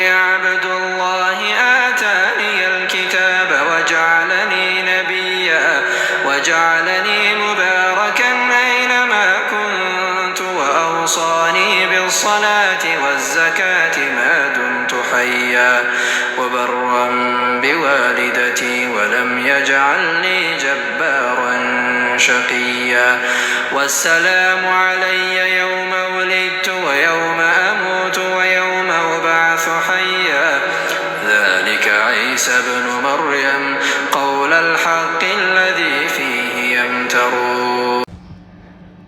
عبد الله آتاني الكتاب وجعلني نبيا وجعلني مباركا أينما كنت وأوصاني بالصلاة والزكاة ما دمت حيا وبرا بوالدتي ولم يجعلني جبارا شقيا والسلام علي يوم ولدت ويوم أموت عيسى ابن مريم قول الحق الذي فيه يمترون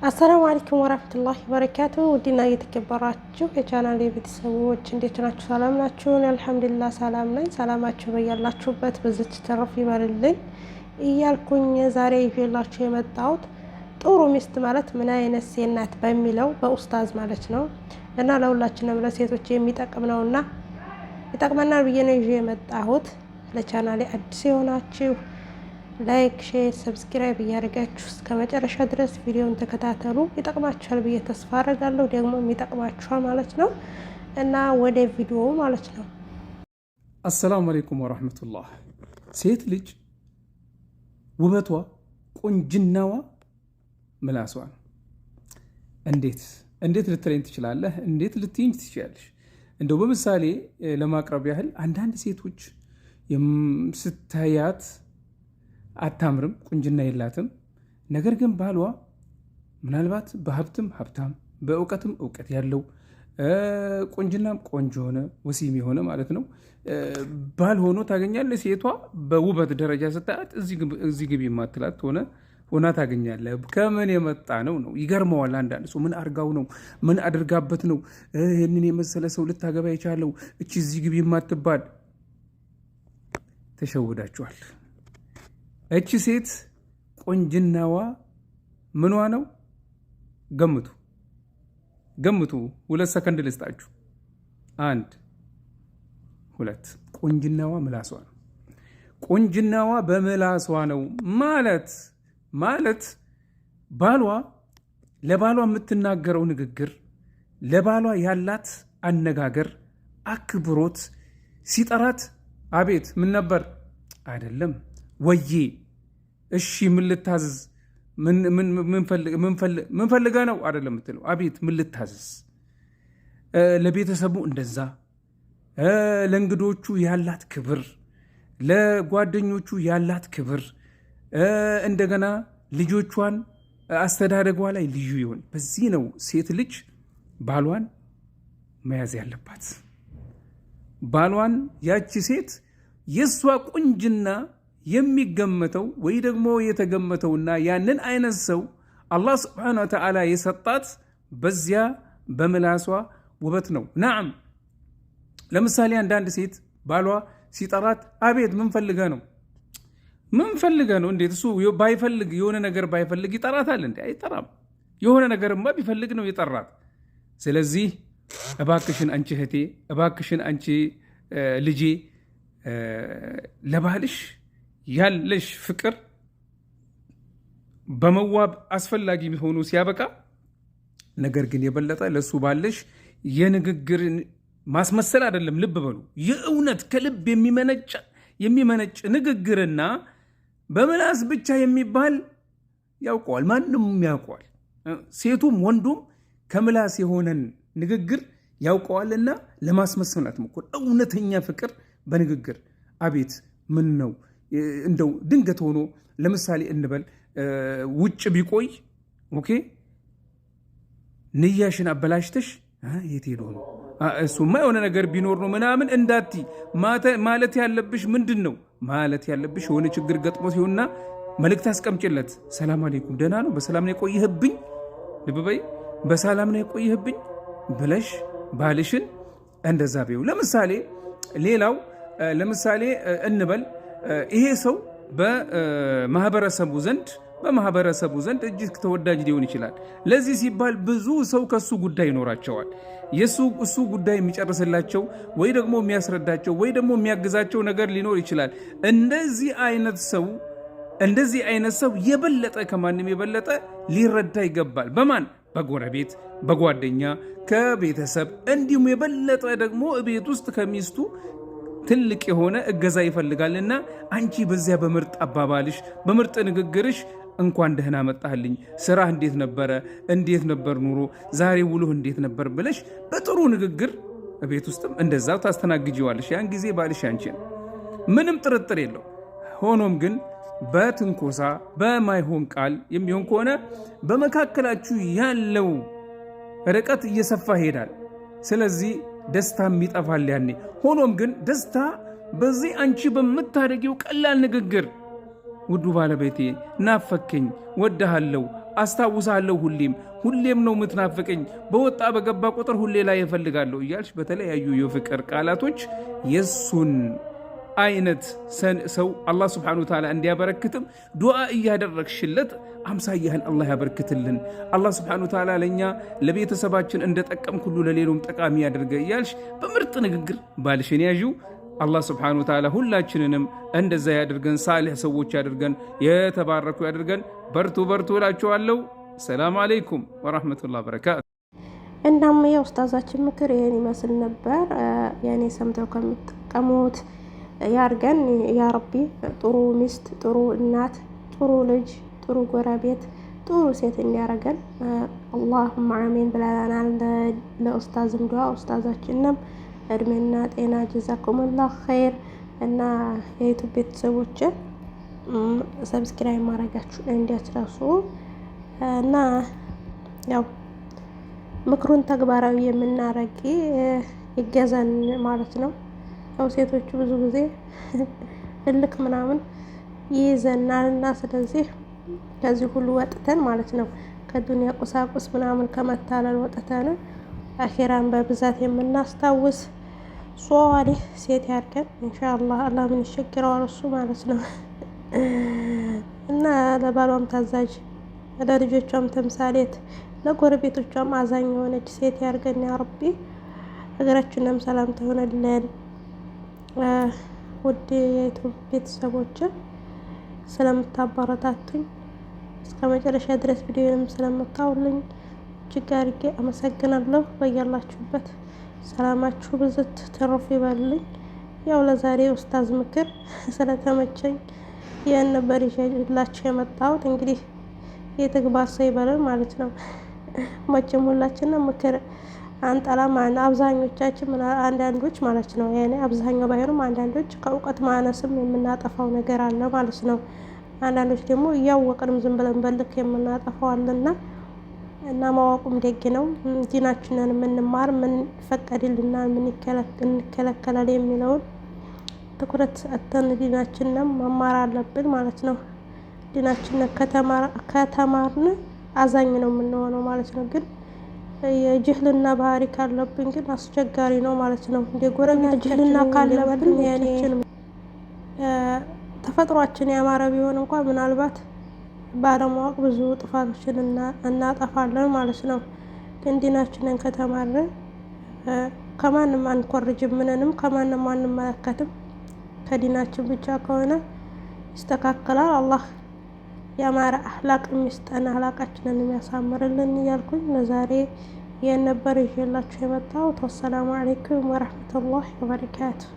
አሰላሙ አለይኩም ወራህመቱላሂ ወበረካቱ። ውድና እየተከበራችሁ የቻናል የቤተሰቦች እንዴት ናችሁ? ሰላም ናችሁ? አልሐምዱሊላህ ሰላም ነኝ። ሰላማችሁ በያላችሁበት ብዝት ተረፍ ይበልልኝ እያልኩኝ ዛሬ ይዤላችሁ የመጣሁት ጥሩ ሚስት ማለት ምን አይነት ሴት ናት በሚለው በኡስታዝ ማለት ነው እና ለሁላችንም ለሴቶች የሚጠቅም ነውና ይጠቅመናል ብዬ ነው ይዤ የመጣሁት። ለቻናሌ አዲስ የሆናችሁ ላይክ፣ ሼር፣ ሰብስክራይብ እያደረጋችሁ እስከ መጨረሻ ድረስ ቪዲዮን ተከታተሉ። ይጠቅማችኋል ብዬ ተስፋ አደርጋለሁ። ደግሞ ይጠቅማችኋል ማለት ነው እና ወደ ቪዲዮ ማለት ነው። አሰላሙ አሌይኩም ወረህመቱላህ ሴት ልጅ ውበቷ ቁንጅናዋ ምላሷ ነው። እንዴት እንዴት ልትለኝ ትችላለህ? እንዴት ልትይኝ ትችላለሽ? እንደው በምሳሌ ለማቅረብ ያህል አንዳንድ ሴቶች ስታያት አታምርም፣ ቁንጅና የላትም። ነገር ግን ባሏ ምናልባት በሀብትም ሀብታም፣ በእውቀትም እውቀት ያለው ቁንጅናም ቆንጆ የሆነ ወሲም የሆነ ማለት ነው ባል ሆኖ ታገኛለ ሴቷ በውበት ደረጃ ስታያት እዚህ ግቢ የማትላት ሆነ ሆና ታገኛለ። ከምን የመጣ ነው ነው ይገርመዋል። አንዳንድ ሰው ምን አድርጋው ነው ምን አድርጋበት ነው ይህንን የመሰለ ሰው ልታገባ የቻለው እቺ እዚህ ግቢ የማትባል ተሸውዳችኋል። እቺ ሴት ቆንጅናዋ ምኗ ነው? ገምቱ ገምቱ። ሁለት ሰከንድ ልስጣችሁ። አንድ ሁለት። ቆንጅናዋ ምላሷ ነው። ቆንጅናዋ በምላሷ ነው ማለት ማለት ባሏ ለባሏ የምትናገረው ንግግር ለባሏ ያላት አነጋገር አክብሮት ሲጠራት አቤት ምን ነበር? አይደለም ወዬ፣ እሺ ምን ልታዝዝ? ምን ፈልገ ነው አይደለም የምትለው። አቤት ምን ልታዝዝ? ለቤተሰቡ እንደዛ፣ ለእንግዶቹ ያላት ክብር፣ ለጓደኞቹ ያላት ክብር፣ እንደገና ልጆቿን አስተዳደጓ ላይ ልዩ ይሆን። በዚህ ነው ሴት ልጅ ባሏን መያዝ ያለባት። ባሏን ያቺ ሴት የእሷ ቁንጅና የሚገመተው ወይ ደግሞ የተገመተውና ያንን አይነት ሰው አላህ ስብሓነ ወተዓላ የሰጣት በዚያ በምላሷ ውበት ነው። ናም ለምሳሌ አንዳንድ ሴት ባሏ ሲጠራት አቤት ምን ፈልገ ነው? ምን ነው? እንዴት እሱ ባይፈልግ የሆነ ነገር ባይፈልግ ይጠራታል እንዴ? አይጠራም። የሆነ ነገርማ ቢፈልግ ነው የጠራት። ስለዚህ እባክሽን አንቺ እህቴ፣ እባክሽን አንቺ ልጄ ለባልሽ ያለሽ ፍቅር በመዋብ አስፈላጊ ሆኖ ሲያበቃ፣ ነገር ግን የበለጠ ለሱ ባለሽ የንግግርን ማስመሰል አይደለም። ልብ በሉ የእውነት ከልብ የሚመነጭ የሚመነጭ ንግግርና በምላስ ብቻ የሚባል ያውቀዋል፣ ማንም ያውቀዋል። ሴቱም ወንዱም ከምላስ የሆነን ንግግር ያውቀዋልና ለማስመሰል አትሞክር። እውነተኛ ፍቅር በንግግር አቤት ምን ነው እንደው ድንገት ሆኖ ለምሳሌ እንበል ውጭ ቢቆይ ኦኬ፣ ንያሽን አበላሽተሽ የት ሄዶ ነው እሱማ የሆነ ነገር ቢኖር ነው ምናምን እንዳቲ ማለት ያለብሽ ምንድን ነው ማለት ያለብሽ የሆነ ችግር ገጥሞ ሲሆንና መልእክት አስቀምጭለት። ሰላም አሌይኩም፣ ደህና ነው፣ በሰላም ነው የቆየህብኝ፣ ልብ በይ፣ በሰላም ነው የቆየህብኝ ብለሽ ባልሽን እንደዛ ቢው። ለምሳሌ ሌላው ለምሳሌ እንበል ይሄ ሰው በማህበረሰቡ ዘንድ በማህበረሰቡ ዘንድ እጅግ ተወዳጅ ሊሆን ይችላል። ለዚህ ሲባል ብዙ ሰው ከሱ ጉዳይ ይኖራቸዋል። የሱ እሱ ጉዳይ የሚጨርስላቸው ወይ ደግሞ የሚያስረዳቸው ወይ ደግሞ የሚያግዛቸው ነገር ሊኖር ይችላል። እንደዚህ አይነት ሰው እንደዚህ አይነት ሰው የበለጠ ከማንም የበለጠ ሊረዳ ይገባል። በማን በጎረቤት በጓደኛ ከቤተሰብ እንዲሁም የበለጠ ደግሞ ቤት ውስጥ ከሚስቱ ትልቅ የሆነ እገዛ ይፈልጋልና አንቺ በዚያ በምርጥ አባባልሽ በምርጥ ንግግርሽ እንኳን ደህና መጣህልኝ፣ ስራ እንዴት ነበረ? እንዴት ነበር ኑሮ? ዛሬ ውሎህ እንዴት ነበር? ብለሽ በጥሩ ንግግር ቤት ውስጥም እንደዛ ታስተናግጂዋለሽ። ያን ጊዜ ባልሽ አንቺ ነው፣ ምንም ጥርጥር የለው። ሆኖም ግን በትንኮሳ በማይሆን ቃል የሚሆን ከሆነ በመካከላችሁ ያለው ርቀት እየሰፋ ይሄዳል። ስለዚህ ደስታም ይጠፋል ያኔ። ሆኖም ግን ደስታ በዚህ አንቺ በምታደርጊው ቀላል ንግግር ውዱ ባለቤቴ ናፈከኝ፣ ወድሃለሁ፣ አስታውሳለሁ፣ ሁሌም ሁሌም ነው የምትናፍቀኝ፣ በወጣ በገባ ቁጥር ሁሌ ላይ እፈልጋለሁ እያልሽ በተለያዩ የፍቅር ቃላቶች የሱን አይነት ሰው አላህ ስብሐነሁ ወተዓላ እንዲያበረክትም ዱዓ እያደረግሽለት አምሳያህን አላህ ያበርክትልን። አላህ ስብሐነሁ ወተዓላ ለእኛ ለቤተሰባችን እንደጠቀምክ ሁሉ ለሌሎም ጠቃሚ ያደርገ እያልሽ በምርጥ ንግግር ባልሽን ያዢው። አላህ ስብሐነሁ ወተዓላ ሁላችንንም እንደዛ ያደርገን፣ ሳልሕ ሰዎች ያደርገን፣ የተባረኩ ያደርገን። በርቱ በርቱ እላችኋለሁ። ሰላም አለይኩም ወራህመቱላህ በረካቱ። እናም የኡስታዛችን ምክር ይህን ይመስል ነበር። የእኔ ሰምተው ከሚጠቀሙት ያርገን ያ ረቢ። ጥሩ ሚስት፣ ጥሩ እናት፣ ጥሩ ልጅ፣ ጥሩ ጎረቤት፣ ጥሩ ሴት እንዲያረገን አላሁማ አሜን ብለናል። ለኡስታዝም ዱዓ ኡስታዛችንም እድሜና ጤና ጀዛኩምላ ኸይር እና የዩቱብ ቤተሰቦችን ሰብስክራይብ ማድረጋችሁ እንዲያትረሱ እና ያው ምክሩን ተግባራዊ የምናረግ ይገዘን ማለት ነው። ያው ሴቶቹ ብዙ ጊዜ እልክ ምናምን ይይዘናል እና ስለዚህ ከዚህ ሁሉ ወጥተን ማለት ነው ከዱንያ ቁሳቁስ ምናምን ከመታለል ወጥተን አኼራን በብዛት የምናስታውስ ሷሊህ ሴት ያድርገን ኢንሻአላህ። አላህ ምን ይሸግረዋል እሱ ማለት ነው። እና ለባሏም ታዛዥ፣ ለልጆቿም ተምሳሌት፣ ለጎረቤቶቿም አዛኝ የሆነች ሴት ያድርገን ያ ረቢ። ሀገራችንም ሰላም ትሆንልን። ውድ የዩቱብ ቤተሰቦችን ስለምታበረታቱኝ እስከ መጨረሻ ድረስ ቪዲዮንም ስለምታውልኝ እጅግ አድርጌ አመሰግናለሁ። በያላችሁበት ሰላማችሁ ብዝት ትርፍ ይበልኝ። ያው ለዛሬ ኡስታዝ ምክር ስለተመቸኝ ይህን ነበር ይዤላችሁ የመጣሁት። እንግዲህ የተግባር ሰው ይበለን ማለት ነው። መቼም ሁላችንም ምክር አንጠላም። አብዛኞቻችን አንዳንዶች ማለት ነው ያኔ አብዛኛው ባይሆንም አንዳንዶች ከእውቀት ማነስም የምናጠፋው ነገር አለ ማለት ነው። አንዳንዶች ደግሞ እያወቅንም ዝም ብለን በልክ የምናጠፋው አለና እና ማወቁም ደግ ነው። ዲናችንን የምንማር ምን ፈቀድልና ምን እንከለከላል የሚለውን ትኩረት ሰጥተን ዲናችንን መማር አለብን ማለት ነው። ዲናችንን ከተማርን አዛኝ ነው የምንሆነው ማለት ነው ግን የጅህልና ባህሪ ካለብን ግን አስቸጋሪ ነው ማለት ነው። የጎረኛ ጅህልና ካለብን ተፈጥሯችን ያማረ ቢሆን እንኳ ምናልባት ባለማወቅ ብዙ ጥፋቶችን እናጠፋለን ማለት ነው። ግን ዲናችንን ከተማርን ከማንም አንኮርጅም፣ ምንንም ከማንም አንመለከትም። ከዲናችን ብቻ ከሆነ ይስተካከላል አላህ የአማራ አህላቅ የሚስጠን አህላቃችንን የሚያሳምርልን እያልኩኝ ለዛሬ ይህን ነበር ይዤላችሁ የመጣሁት። ወሰላሙ አሌይኩም ወረህመቱላህ ወበረካቱሁ።